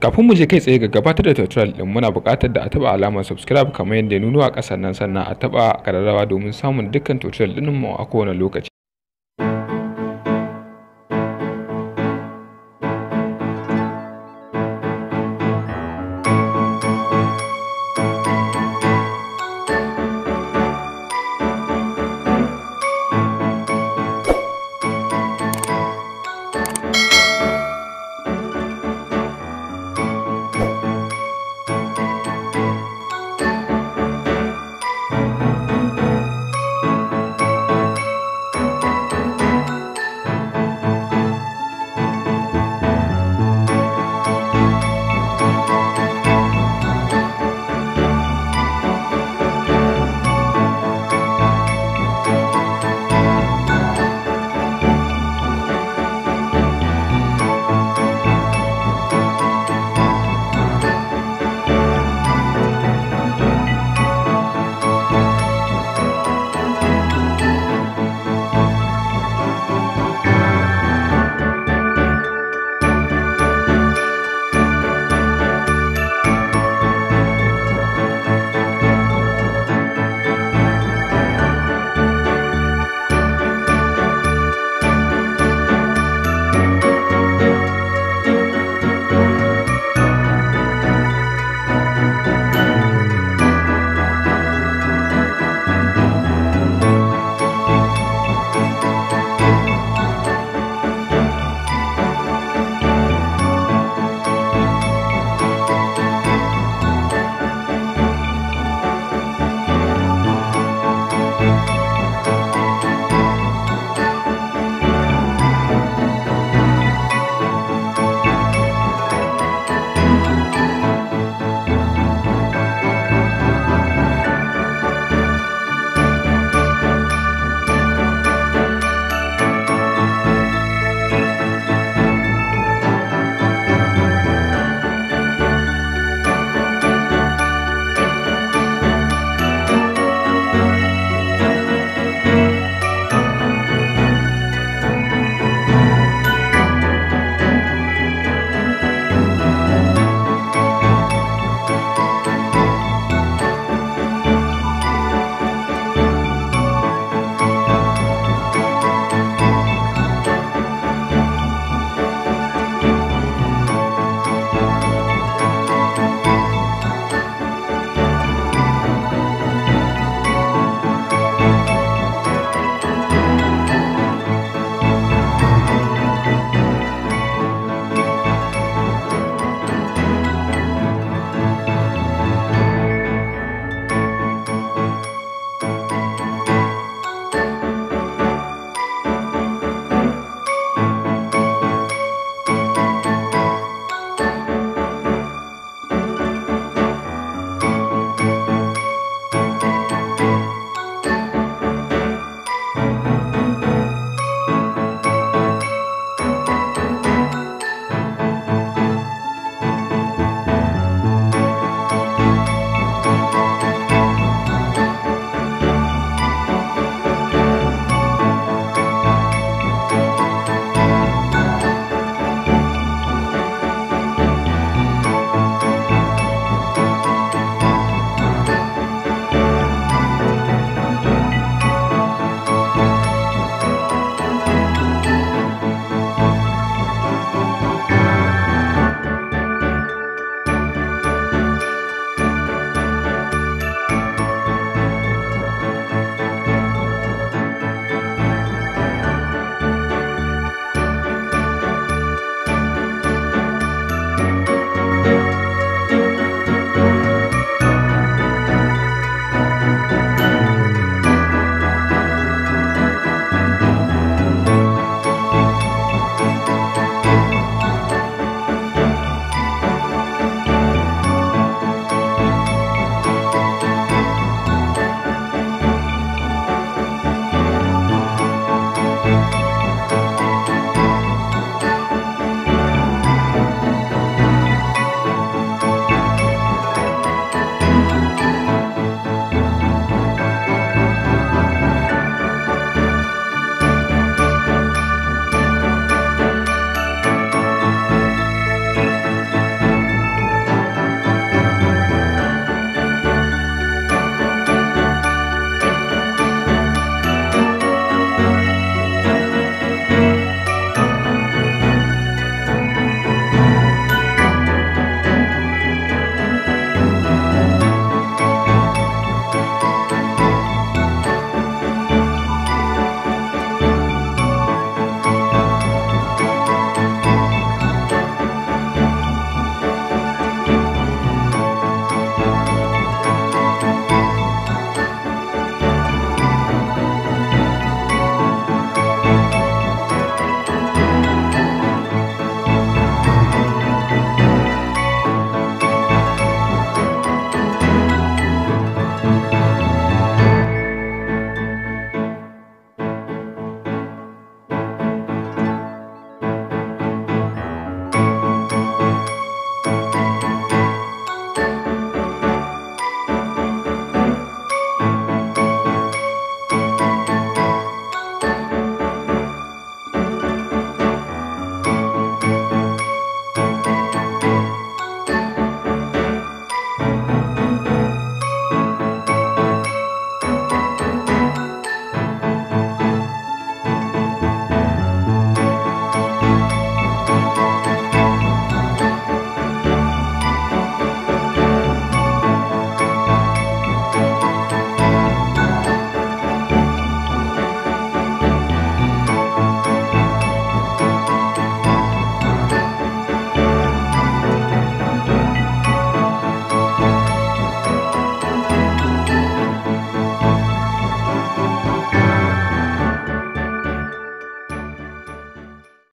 kafin mu je kai tsaye ga gabatar da tutorial din muna buƙatar da a taba alamar subscribe kamar yadda ya nuno a ƙasar nan sannan a taba ƙararrawa domin samun dukkan tutorial din mu a kowane lokaci